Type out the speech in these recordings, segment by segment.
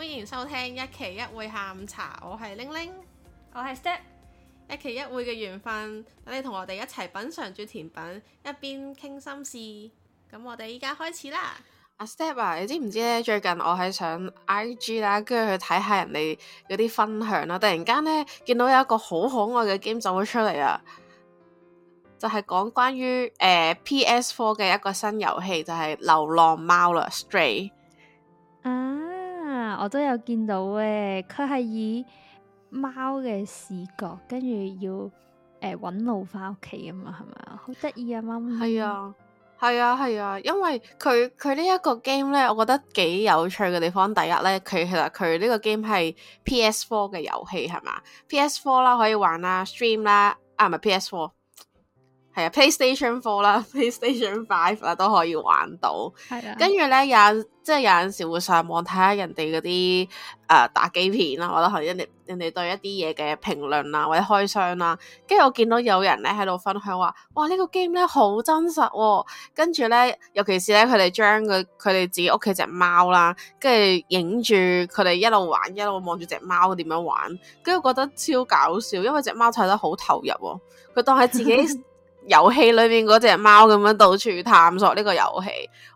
歡迎收聽一期一會下午茶，我係玲玲，我係 Step，一期一會嘅緣分，等你同我哋一齊品嘗住甜品，一邊傾心事。咁我哋依家開始啦。阿 Step 啊，你知唔知咧？最近我喺上 IG 啦，跟住去睇下人哋嗰啲分享啦。突然間咧，見到有一個好可愛嘅 game 走出嚟啊，就係、是、講關於、呃、PS Four 嘅一個新遊戲，就係、是、流浪貓啦，Stray。St 啊、我都有見到嘅，佢係以貓嘅視角，跟住要誒搵、呃、路返屋企啊嘛，係嘛，好得意啊貓係啊，係啊，係啊，啊，因為佢佢呢一個 game 咧，我覺得幾有趣嘅地方，第一咧，佢其實佢呢個 game 係 PS4 嘅遊戲係嘛，PS4 啦可以玩啦，Stream 啦啊唔係 PS4。PlayStation Four 啦，PlayStation Five 啦，都可以玩到。係啊的，跟住咧有即係有陣時會上網睇下人哋嗰啲誒打機片啦，或者可能人哋人哋對一啲嘢嘅評論啊，或者開箱啦、啊。跟住我見到有人咧喺度分享話，哇，這個、呢個 game 咧好真實、啊。跟住咧，尤其是咧，佢哋將佢佢哋自己屋企隻貓啦，跟住影住佢哋一路玩一路望住隻貓點樣玩，跟住覺得超搞笑，因為隻貓睇得好投入、啊，佢當係自己。 遊戲裏面嗰隻貓咁樣到處探索呢個遊戲，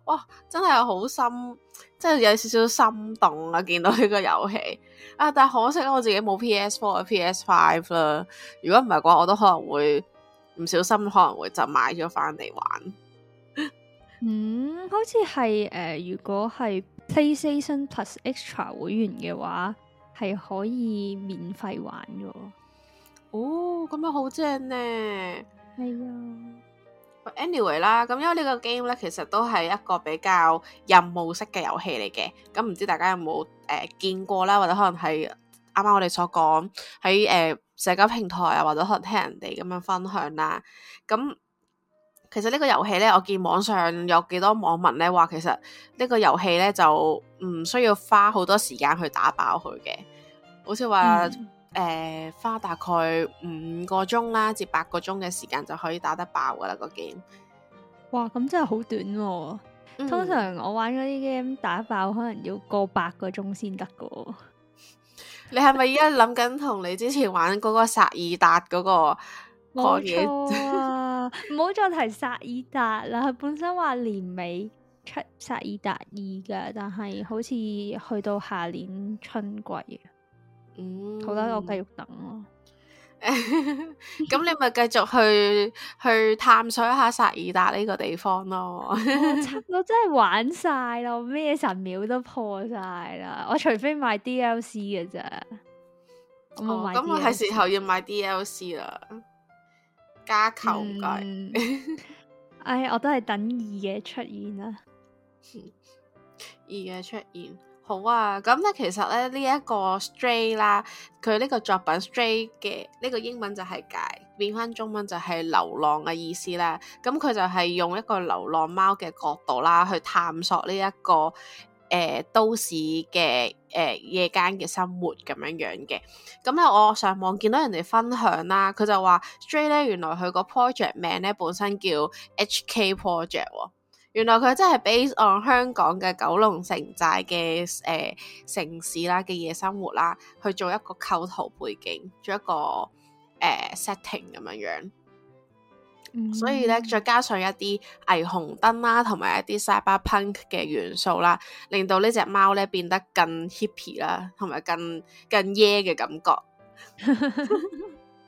哇！真係好心，真係有少少心動啊！見到呢個遊戲啊，但係可惜我自己冇 PS4、PS5 啦。如果唔係嘅話，我都可能會唔小心，可能會就買咗返嚟玩。 嗯，好似係誒，如果係 PlayStation Plus Extra 會員嘅話，係可以免費玩嘅喎。哦，咁樣好正呢。係啊，Anyway 啦，咁因為個呢個 game 咧，其實都係一個比較任務式嘅遊戲嚟嘅。咁唔知大家有冇誒、呃、見過啦，或者可能係啱啱我哋所講喺誒社交平台啊，或者可能聽人哋咁樣分享啦。咁其實個遊戲呢個遊戲咧，我見網上有幾多網民咧話，其實個遊戲呢個遊戲咧就唔需要花好多時間去打爆佢嘅，好似話。嗯誒、呃，花大概五個鐘啦，至八個鐘嘅時間就可以打得爆噶啦個 game。哇，咁真係好短啊。嗯、通常我玩嗰啲 game 打爆，可能要過八個鐘先得噶。你係咪依家諗緊同你之前玩嗰個薩爾達嗰個？冇錯啊，唔好再提薩爾達啦。 本身話年尾出薩爾達二噶，但係好似去到下年春季。嗯，好啦，我繼續等咯。咁 你咪繼續去去探索一下薩爾達呢個地方咯。 哦、真我真係玩晒咯，咩神廟都破晒啦。我除非買 DLC 嘅啫。哦、我咁，哦、我係時候要買 DLC 啦。加求唔該。唉、嗯 哎，我都係等二嘅出現啦。二嘅出現。好啊，咁咧其實咧呢一、這個 Stray 啦，佢呢個作品 Stray 嘅呢，這個英文就係解，變返中文就係流浪嘅意思啦。咁佢就係用一個流浪貓嘅角度啦，去探索呢、這、一個誒、呃、都市嘅誒、呃、夜間嘅生活咁樣樣嘅。咁咧我上網見到人哋分享啦，佢就話 Stray 咧原來佢個 project 名咧本身叫 HK Project 喎。原來佢真係 base on 香港嘅九龍城寨嘅誒、呃、城市啦，嘅夜生活啦，去做一個構圖背景，做一個誒 setting 咁樣樣。嗯、所以咧，再加上一啲霓虹燈啦，同埋一啲 cyberpunk 嘅元素啦，令到隻貓呢隻貓咧變得更 hippy 啦，同埋更更耶嘅感覺。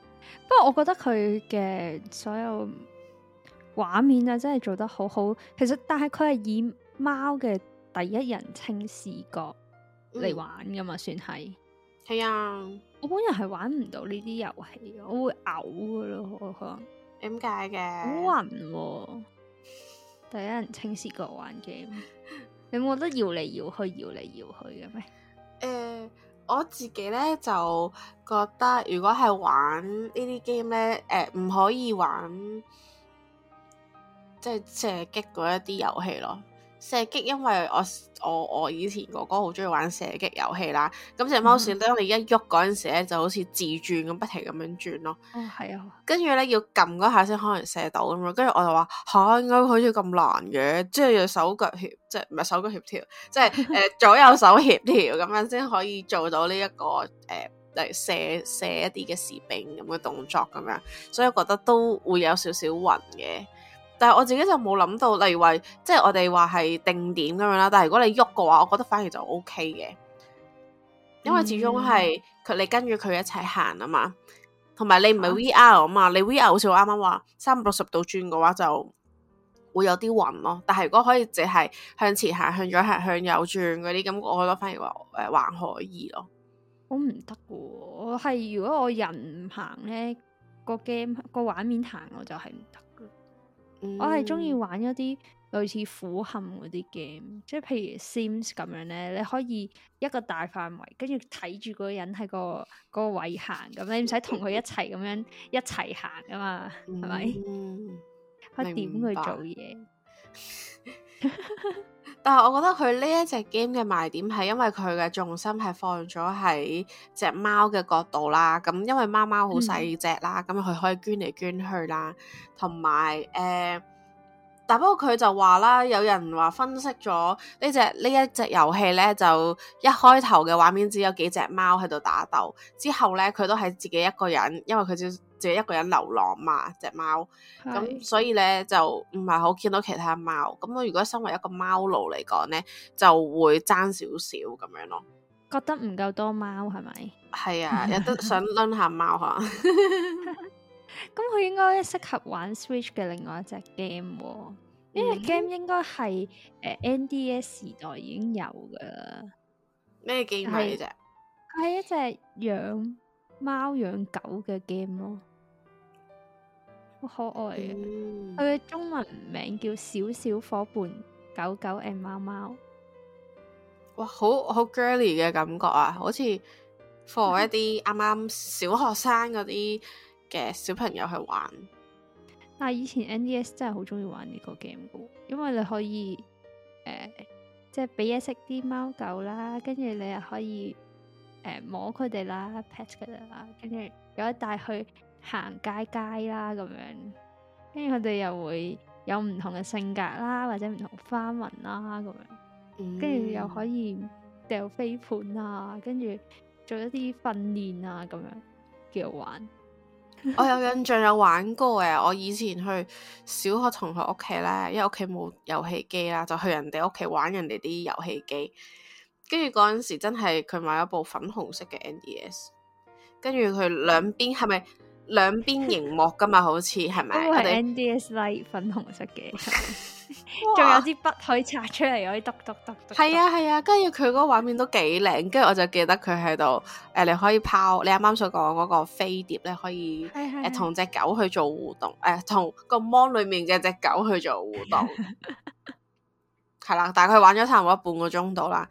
不過我覺得佢嘅所有。畫面啊，真係做得好好。其實但係佢係以貓嘅第一人稱視角嚟玩噶嘛，嗯、算係係啊。嗯、我本人係玩唔到呢啲遊戲，我會嘔噶咯。我話點解嘅好暈喎、啊， 第一人稱視角玩 game， 你冇覺得搖嚟搖去，搖嚟搖去嘅咩？誒、呃，我自己咧就覺得如果係玩呢啲 game 咧，誒、呃、唔可以玩。即係射擊嗰一啲遊戲咯，射擊，因為我我我以前哥哥好中意玩射擊遊戲啦，咁隻貓鼠當你一喐嗰陣時咧，就好似自轉咁，不停咁樣轉咯。係、哎、啊，跟住咧要撳嗰下先可能射到咁樣，跟住我就話，吓應該好似咁難嘅，即係要手腳協，即係唔係手腳協調，即係誒左右手協調咁樣先 可以做到呢、這、一個誒嚟、呃、射射一啲嘅士兵咁嘅動作咁樣，所以我覺得都會有少少暈嘅。但係我自己就冇諗到，例如話即係我哋話係定點咁樣啦。但係如果你喐嘅話，我覺得反而就 O K 嘅，因為始終係佢你跟住佢一齊行啊嘛，同埋你唔係 V R 啊嘛。啊你 V R 好似我啱啱話三百六十度轉嘅話就會有啲暈咯。但係如果可以淨係向前行，向左行，向右轉嗰啲咁，我覺得反而話誒、呃、還可以咯。好唔得嘅，我係如果我人唔行咧，個 game 個畫面行我就係唔得。我係中意玩一啲類似俯瞰嗰啲 game，即係譬如 Sims 咁樣咧，你可以一個大範圍，跟住睇住個人喺、嗰個、嗰個位行，咁你唔使同佢一齊咁樣一齊行噶嘛，係咪 吧？嗯，佢點去做嘢？白 但、uh, 我覺得佢呢一隻 game 嘅賣點係因為佢嘅重心係放咗喺隻貓嘅角度啦。咁因為貓貓好細隻啦，咁佢、嗯、可以捐嚟捐去啦，同埋誒。Uh, 但不過佢就話啦，有人話分析咗呢隻呢一隻遊戲咧，就一開頭嘅畫面只有幾隻貓喺度打鬥，之後咧佢都係自己一個人，因為佢只自己一個人流浪嘛，隻貓咁，是所以咧就唔係好見到其他貓。咁我如果身為一個貓奴嚟講咧，就會爭少少咁樣咯，覺得唔夠多貓係咪？係啊， 有得想撚下貓吓。 咁佢應該適合玩 Switch 嘅另外一隻 game，呢隻 game 應該係誒、呃、NDS 時代已經有噶。咩 game 嚟嘅？係一隻養貓養狗嘅 game 咯，好可愛啊！佢嘅、嗯、中文名叫小小夥伴狗狗 and 貓貓。哇，好好 girly 嘅感覺啊，好似 for 一啲啱啱小學生嗰啲。嘅小朋友去玩，但係、啊、以前 N D S 真係好中意玩呢個 game 噶，因為你可以誒、呃，即係俾嘢食啲貓狗啦，跟住你又可以誒、呃、摸佢哋啦，pat 佢哋啦，跟住有一帶去行街街啦，咁樣跟住佢哋又會有唔同嘅性格啦，或者唔同花紋啦，咁樣跟住、嗯、又可以掉飛盤啊，跟住做一啲訓練啊，咁樣叫好玩。 我有印象有玩過嘅，我以前去小學同學屋企咧，因為屋企冇遊戲機啦，就去人哋屋企玩人哋啲遊戲機。跟住嗰陣時真係佢買咗部粉紅色嘅 NDS，跟住佢兩邊係咪兩邊熒幕噶嘛？ 好似係咪？因為 NDS Lite 粉紅色嘅。 仲有啲筆可以拆出嚟，可以篤篤篤篤。係啊係啊，跟住佢嗰個畫面都幾靚，跟住我就記得佢喺度，誒、呃，你可以拋，你啱啱所講嗰個飛碟咧，可以誒是、呃、同隻狗去做互動，誒、呃，同個 Mon 裏面嘅隻狗去做互動，係啦、 啊，大概玩咗差唔多半個鐘度啦，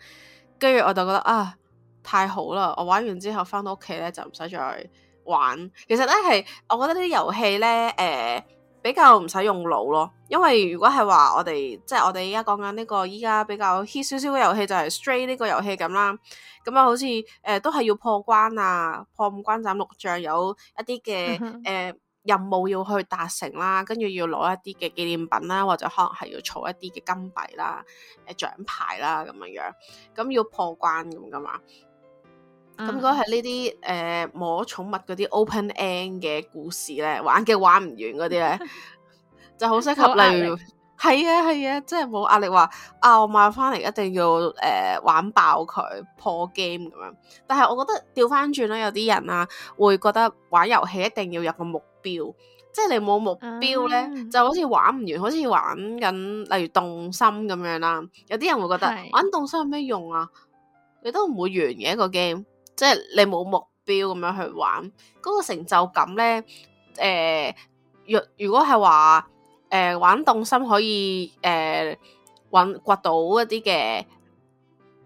跟住我就覺得啊，太好啦！我玩完之後翻到屋企咧就唔使再玩。其實咧係，我覺得呢啲遊戲咧，誒、呃。比較唔使用腦咯，因為如果係話我哋即係我哋而家講緊呢個依家比較 hit 少少嘅遊戲就係 Stray 呢個遊戲咁啦，咁啊好似誒、呃、都係要破關啊，破五關斬六將，有一啲嘅誒任務要去達成啦，跟住要攞一啲嘅紀念品啦，或者可能係要儲一啲嘅金幣啦、誒、呃、獎牌啦咁樣樣，咁要破關咁噶嘛。咁、嗯、如果係呢啲誒摸寵物嗰啲 open end 嘅故事咧，玩嘅玩唔完嗰啲咧， 就好適合。例如係啊係啊，即係冇壓力話啊，我買翻嚟一定要誒、呃、玩爆佢破 game 咁樣。但係我覺得調翻轉啦，有啲人啊會覺得玩遊戲一定要有個目標，即係你冇目標咧，嗯、就好似玩唔完，好似玩緊例如動心咁樣啦。有啲人會覺得的玩動心有咩用啊？你都唔會完嘅一、那個 game。即係你冇目標咁樣去玩，嗰、那個成就感咧，誒、呃，若如果係話，誒、呃、玩動心可以，誒搵掘到一啲嘅，誒、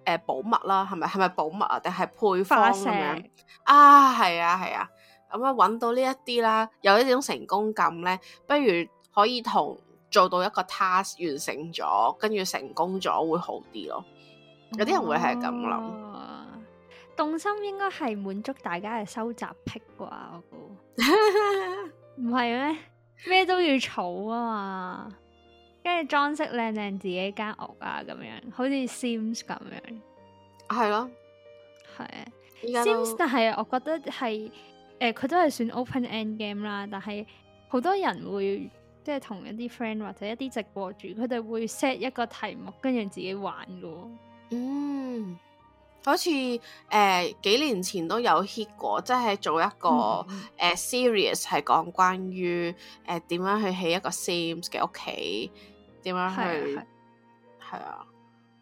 呃、寶物啦，係咪係咪寶物啊？定係配方咁樣啊？係啊係啊，咁啊搵、嗯、到呢一啲啦，有一種成功感咧，不如可以同做到一個 task 完成咗，跟住成功咗會好啲咯。有啲人會係咁諗。嗯重心應該係滿足大家嘅收集癖啩，我估唔係咩？咩 都要儲啊嘛，跟住裝飾靚靚自己間屋啊，咁樣，好似《Sims》咁樣，係咯，係啊，《Sim 是》s, Sims, 但係我覺得係誒，佢、呃、都係算 open end game 啦，但係好多人會即係同一啲 friend 或者一啲直播主，佢哋會 set 一個題目，跟住自己玩噶，嗯。好似誒、呃、幾年前都有 hit 過，即係做一個誒 series 係講關於誒點、呃、樣去起一個 Sims 嘅屋企，點樣去係啊，啊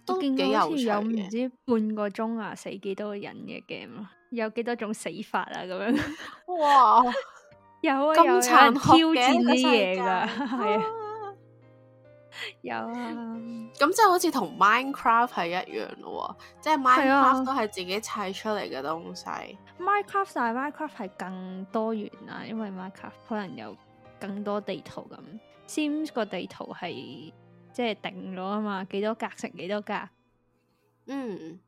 都幾有趣嘅。有唔知半個鐘啊，死幾多人嘅 game，啊，有幾多種死法啊咁樣。 哇！ 有啊，有有挑戰啲嘢㗎，係啊。 有啊，咁即係好似同 Minecraft 係一樣咯、哦，即係 Minecraft、啊、都係自己砌出嚟嘅東西。Minecraft 但、啊、係 Minecraft 係更多元啊，因為 Minecraft 可能有更多地圖咁。Sims 個地圖係即係定咗啊嘛，幾多格乘幾多格。嗯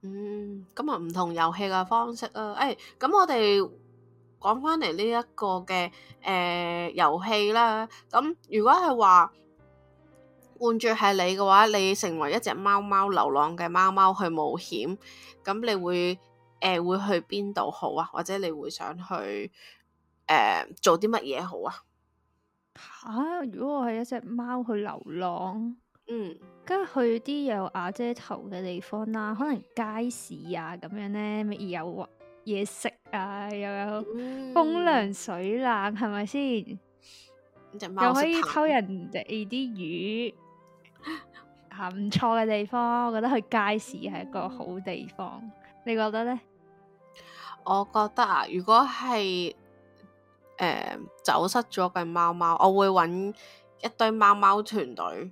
嗯，咁啊唔同遊戲嘅方式啊，誒、哎、咁我哋。講翻嚟，呢一個嘅誒遊戲啦，咁、嗯、如果係話換住係你嘅話，你成為一隻貓貓流浪嘅貓貓去冒險，咁你會誒、呃、會去邊度好啊？或者你會想去誒、呃、做啲乜嘢好啊？吓、啊！如果我係一隻貓去流浪，嗯，梗係去啲有瓦遮頭嘅地方啦，可能街市啊，咁樣咧，乜有嘢食啊，又有風涼水冷，係咪先？隻貓又可以偷人哋啲魚，嚇唔、 啊、錯嘅地方，我覺得去街市係一個好地方。嗯、你覺得咧？我覺得啊，如果係誒、呃、走失咗嘅貓貓，我會揾一堆貓貓團隊，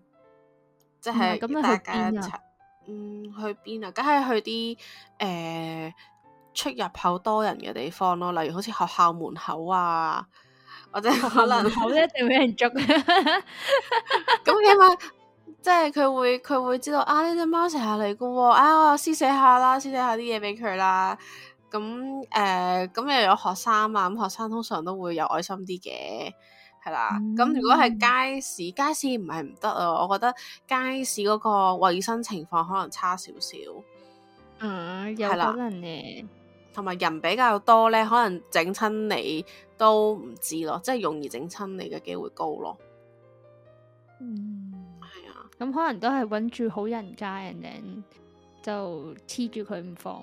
即係、嗯啊啊、咁樣大家嗯去邊啊？梗係去啲誒。呃出入口多人嘅地方咯，例如好似學校門口啊，或者可能口一定俾人捉。咁起碼即係佢會佢會知道啊呢隻貓成日嚟嘅，啊，隻貓啊我施捨下，試試下啦，施捨下啲嘢俾佢啦。咁誒咁又有學生啊，咁學生通常都會有愛心啲嘅，係啦。咁、嗯、如果係街市，街市唔係唔得啊，我覺得街市嗰個衛生情況可能差少少。嗯，有可能嘅。同埋人比較多咧，可能整親你都唔知咯，即係容易整親你嘅機會高咯。嗯，係啊，咁可能都係揾住好人家人哋就黐住佢唔放。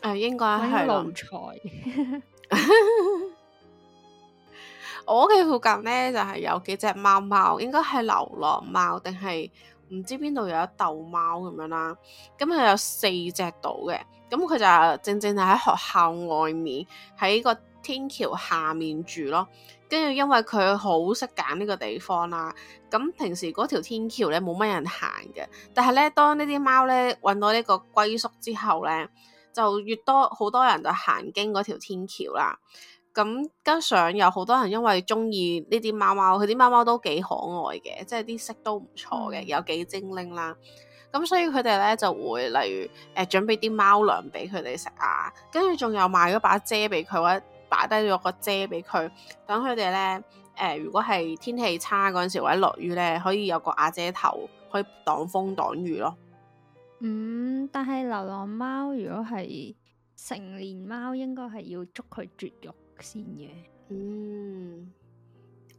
誒，應該係奴才。 我屋企附近咧就係、係、有幾隻貓貓，應該係流浪貓定係唔知邊度有一竇貓咁樣啦、啊。咁佢有四隻到嘅。咁佢就正正係喺學校外面，喺個天橋下面住咯。跟住因為佢好識揀呢個地方啦。咁平時嗰條天橋咧冇乜人行嘅，但係咧當呢啲貓咧揾到呢個歸宿之後咧，就越多好多人就行經嗰條天橋啦。咁跟上有好多人因為中意呢啲貓貓，佢啲貓貓都幾可愛嘅，即係啲色都唔錯嘅，嗯、有幾精靈啦。咁、嗯、所以佢哋咧就會，例如誒、呃、準備啲貓糧俾佢哋食啊，跟住仲有買咗把遮俾佢，或者擺低咗個遮俾佢，等佢哋咧誒，如果係天氣差嗰陣時或者落雨咧，可以有個遮頭，可以擋風擋雨咯。嗯，但係流浪貓如果係成年貓，應該係要捉佢絕育先嘅。嗯，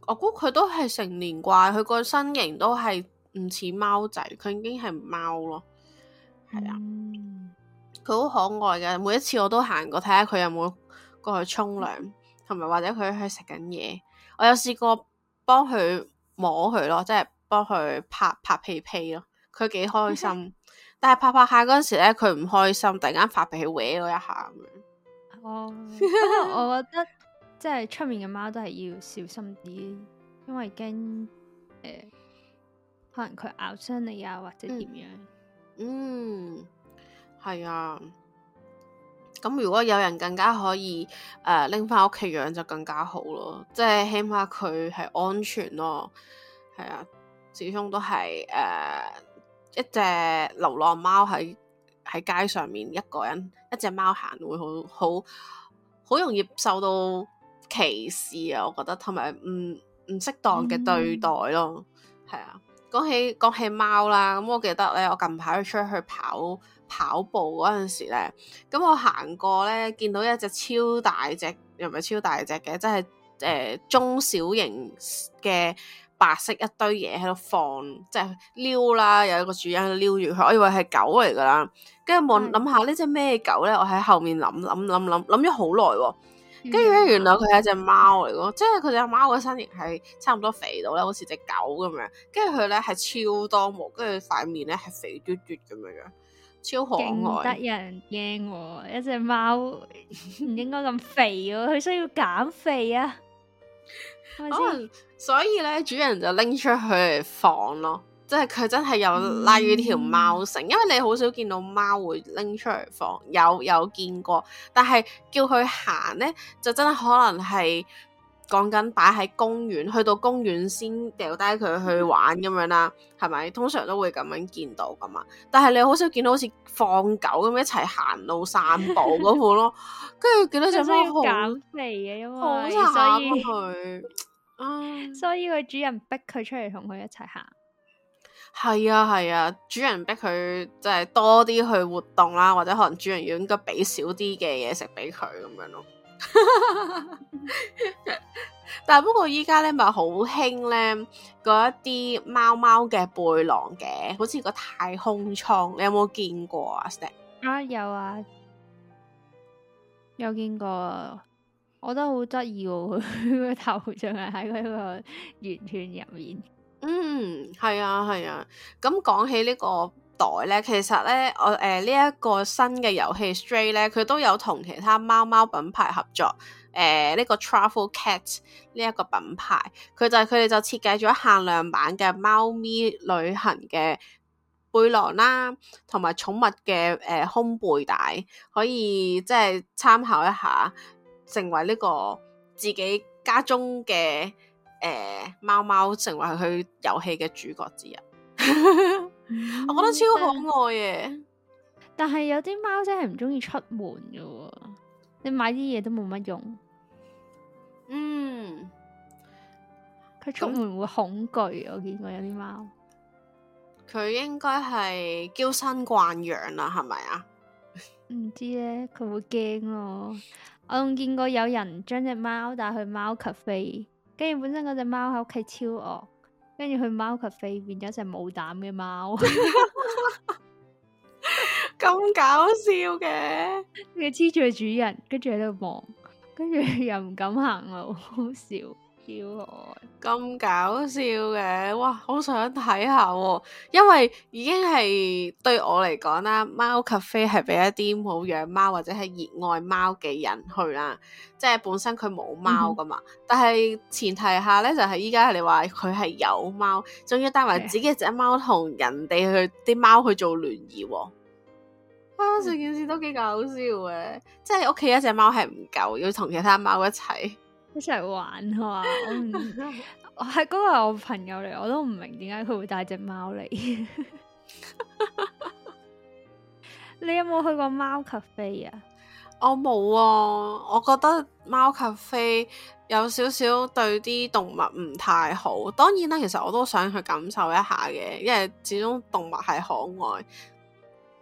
我估佢都係成年啩，佢個身形都係。唔似貓仔，佢已經係貓咯，係啊，佢好、嗯、可愛嘅。每一次我都行過睇下佢有冇過去沖涼，同埋、嗯、或者佢去食緊嘢。我有試過幫佢摸佢咯，即係幫佢拍拍屁屁咯。佢幾開心， 但係拍拍下嗰陣時咧，佢唔開心，突然間發脾氣搲我一下咁樣。哦， 我覺得即係出面嘅貓都係要小心啲，因為驚誒。呃可能佢咬傷你啊，或者點樣嗯？嗯，係啊。咁、嗯、如果有人更加可以誒拎翻屋企養，呃、養就更加好咯。即係起碼佢係安全咯。係啊，始終都係誒、呃、一隻流浪貓喺喺街上面，一個人一隻貓行會好好好容易受到歧視啊。我覺得同埋唔唔適當嘅對待咯，係、嗯、啊。講起講起貓啦，咁、嗯、我記得咧，我近排去出去跑跑步嗰陣時咧，咁、嗯、我行過咧，見到一隻超大隻，又唔係超大隻嘅，即係誒中小型嘅白色一堆嘢喺度放，即係撩啦，有一個主人喺度撩住佢，我以為係狗嚟噶啦，跟住望諗下呢隻咩狗咧，我喺後面諗諗諗諗諗咗好耐喎。跟住咧，原來佢係一隻貓嚟咯，即係佢隻貓嘅身形係差唔多肥到咧，好似隻狗咁樣。跟住佢咧係超多毛，跟住塊面咧係肥嘟嘟咁樣樣，超可愛。得人驚喎，一隻貓唔應該咁肥喎，佢需要減肥啊。可能 啊、所以咧，主人就拎出去放咯。即係佢真係有拉住條貓繩，嗯、因為你好少見到貓會拎出嚟放，有有見過，但係叫佢行咧，就真係可能係講緊擺喺公園，去到公園先掉低佢去玩咁、嗯、樣啦，係咪？通常都會咁樣見到噶嘛。但係你好少見到好似放狗咁樣一齊行路散步咁樣咯。跟住見到隻貓好肥嘅，因為、啊、所以佢，嗯、所以佢主人逼佢出嚟同佢一齊行。係啊，係啊，主人逼佢即係多啲去活動啦，或者可能主人要應該俾少啲嘅嘢食俾佢咁樣咯。 但係不過依家咧咪好興咧嗰一啲貓貓嘅背囊嘅，好似個太空艙，你有冇見過啊？Sir 啊有啊，有見過啊，我覺得好得意喎，佢個頭像係喺佢個圓圈入面。嗯，係啊，係啊。咁講起呢個袋咧，其實咧，我誒呢一個新嘅遊戲 Stray 咧，佢都有同其他貓貓品牌合作。誒、呃、呢、這個 Travel Cat 呢一個品牌，佢就佢、是、哋就設計咗限量版嘅貓咪旅行嘅背囊啦，啊，同埋寵物嘅誒、呃、胸背帶，可以即係參考一下，成為呢個自己家中嘅。誒，貓貓、呃、成為佢遊戲嘅主角之一， 我覺得超可愛嘅。但係有啲貓真係唔中意出門㗎，你買啲嘢都冇乜用。嗯，佢出門會恐懼、啊，我見過有啲貓。佢應該係嬌生慣養啦，係咪啊？唔知咧，佢會驚咯。我仲見過有人將隻貓帶去貓咖啡。跟住本身嗰隻貓喺屋企超惡，跟住去貓咖啡變咗隻冇膽嘅貓，咁 搞笑嘅，佢黐住主人，跟住喺度望，跟住又唔敢行路，好好笑。超可愛，咁搞笑嘅，哇！好想睇下，啊，因為已經係對我嚟講啦，貓 咖啡係俾一啲冇養貓或者係熱愛貓嘅人去啦，即係本身佢冇貓噶嘛，嗯、但係前提下咧就係依家係你話佢係有貓，仲要帶埋自己隻貓同人哋去啲貓去做聯誼，啊！成，嗯、件事都幾搞笑嘅，嗯、即係屋企一隻貓係唔夠，要同其他貓一齊。一齊玩係嘛？我唔，我係嗰個我朋友嚟，我都唔明點解佢會帶隻貓嚟。 你有冇去過貓咖啡啊？我冇啊！我覺得貓咖啡有少少對啲動物唔太好。當然啦，其實我都想去感受一下嘅，因為始終動物係可愛。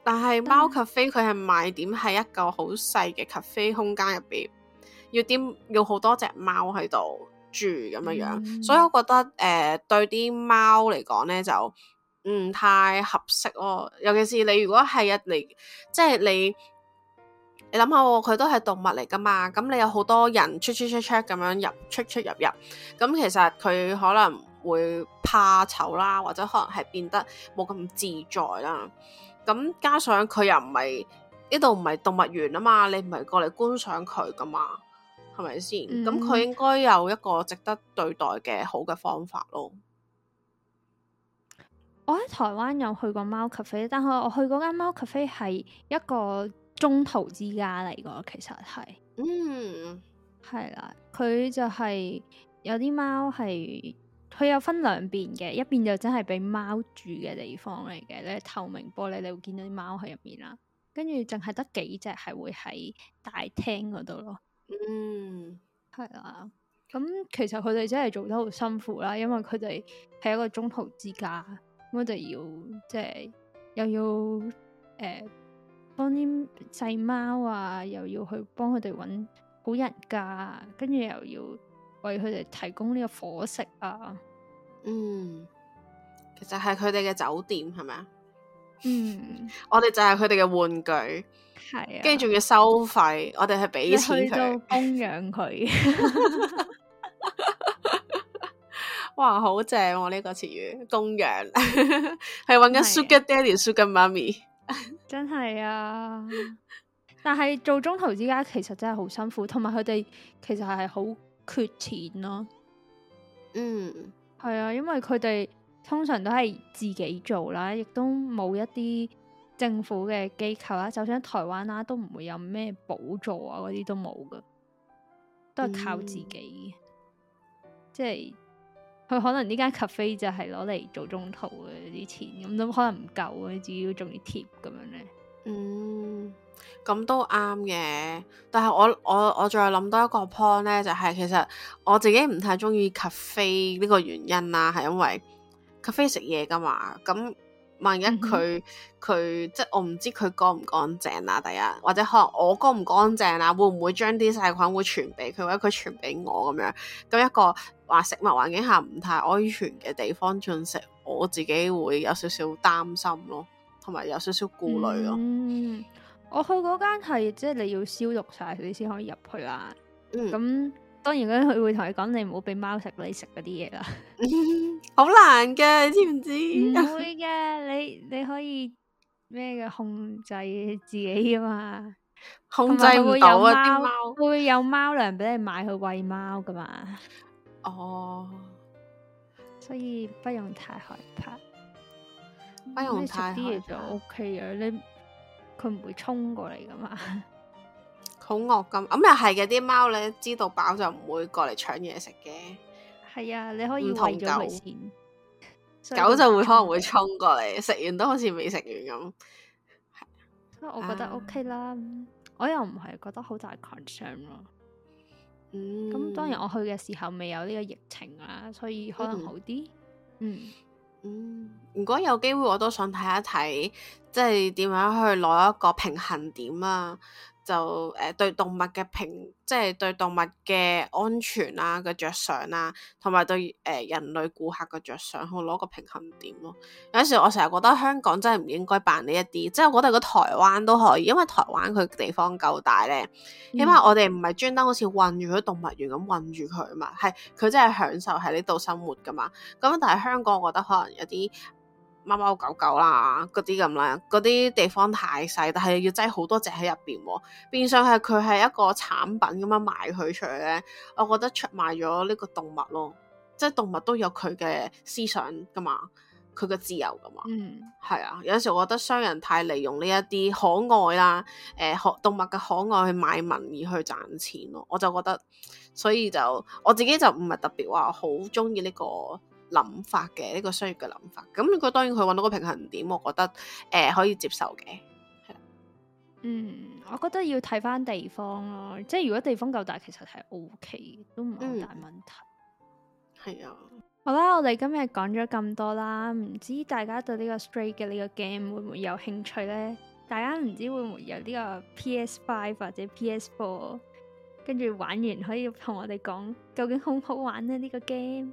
但係貓咖啡佢係賣點喺一個好細嘅咖啡空間入邊，要點要好多隻貓喺度住咁樣樣，所以我覺得誒，對啲貓嚟講咧就唔太合適咯。尤其是你如果係啊嚟，即係你你諗下喎，佢都係動物嚟噶嘛。咁你有好多人出出出出出咁樣入出出入入，咁其實佢可能會怕醜啦，或者可能係變得冇咁自在啦。咁加上佢又唔係呢度唔係動物園啊嘛，你唔係過嚟觀賞佢噶嘛。係咪先？咁佢、嗯、應該有一個值得對待嘅好嘅方法咯。我喺台灣有去過貓咖啡，但係我去嗰間貓咖啡係一個中途之家嚟噶。其實係嗯，係啦，佢就係、是、有啲貓係佢有分兩邊嘅，一邊就真係俾貓住嘅地方嚟嘅咧。你透明玻璃你會見到啲貓喺入面啦，跟住淨係得幾隻係會喺大廳嗰度咯。嗯，係啦。咁其實佢哋真係做得好辛苦啦，因為佢哋係一個中途之家，我哋要即係又要誒幫啲細貓啊，又要去幫佢哋搵好人家，跟住又要為佢哋提供呢個伙食啊。嗯，其實係佢哋嘅酒店係咪啊？嗯，我哋就係佢哋嘅玩具，係啊，跟住仲要收費，我哋係畀錢佢供養佢。 哇，好正喎，呢個詞語供養，係揾緊 Sugar Daddy、Sugar Mummy，真係啊！但係做中途之家其實真係好辛苦，同埋佢哋其實係好缺錢咯，啊。嗯，係啊，因為佢哋。通常都係自己做啦，亦都冇一啲政府嘅機構啦，就算喺台灣啦、啊，都唔會有咩補助啊，嗰啲都冇噶，都係靠自己、嗯、即係佢可能呢間 cafe 就係攞嚟做中途嘅啲錢，咁都可能唔夠啊，自己仲要貼咁樣咧。嗯，咁都啱嘅。但係我我我再諗多一個 point 咧，就係、是、其實我自己唔太中意 cafe 呢個原因啦，係因為。佢非食嘢㗎嘛？咁萬一佢佢、嗯嗯、即係我唔知佢乾唔乾淨啊，第一或者可能我乾唔乾淨啊，會唔會將啲細菌會傳俾佢，或者佢傳俾我咁樣？咁一個話食物環境下唔太安全嘅地方進食，我自己會有少少擔心咯，同埋有少少顧慮咯。嗯，我去嗰間係即係你要消毒晒，你先可以入去啊。嗯，咁。當然，佢會同你講，你唔好俾貓食你食嗰啲嘢啦。 好難噶，你知唔知？唔 會嘅，你你可以咩嘅控制自己噶嘛。控制唔到啊！啲貓會有貓糧俾你買去餵貓噶嘛。哦，oh. 所以不用太害怕，不用太害怕就 OK 啊！你佢唔會衝過嚟噶嘛。好惡咁咁又係嘅，啲、嗯、貓你知道飽就唔會過嚟搶嘢食嘅。係啊，你可以唔同狗，以狗就會可能會衝過嚟食、嗯、完都好似未食完咁。係啊，所以我覺得 OK 啦，我又唔係覺得好大 concern 咯。嗯，咁當然我去嘅時候未有呢個疫情啊，所以可能好啲。嗯嗯，嗯，如果有機會我都想睇一睇，即係點樣去攞一個平衡點啊！就誒、呃、對動物嘅平，即係對動物嘅安全啦、啊、嘅着想啦、啊，同埋對誒、呃、人類顧客嘅着想去攞個平衡點咯、啊。有時我成日覺得香港真係唔應該辦呢一啲，即係我覺得個台灣都可以，因為台灣佢地方夠大咧，嗯、起碼我哋唔係專登好似困住啲動物園咁困住佢嘛，係佢真係享受喺呢度生活㗎嘛。咁但係香港，我覺得可能有啲。貓貓狗狗啦，嗰啲咁啦，嗰啲，啊、地方太細，但係要擠好多隻喺入邊，變相係佢係一個產品咁樣賣佢出去咧。我覺得出賣咗呢個動物咯，即、啊、係、就是、動物都有佢嘅思想噶嘛，佢、啊、嘅自由噶嘛。啊、嗯，係啊。有陣時候我覺得商人太利用呢一啲可愛啦，誒、呃，可動物嘅可愛去賣民意去賺錢咯、啊。我就覺得，所以就我自己就唔係特別話好中意呢個。諗法嘅呢、這個商業嘅諗法，咁佢當然佢揾到個平衡點，我覺得誒、呃、可以接受嘅，係啦。嗯，我覺得要睇翻地方咯，即係如果地方夠大，其實係 O K，都唔係好大問題。係啊、嗯，好啦，我哋今日講咗咁多啦，唔知大家對呢個《Stray》嘅呢個 game 會唔會有興趣呢？大家唔知會唔會有呢個 P S Five 或者 P S Four，跟住玩完可以同我哋講究竟好唔好玩呢？呢、這個 game。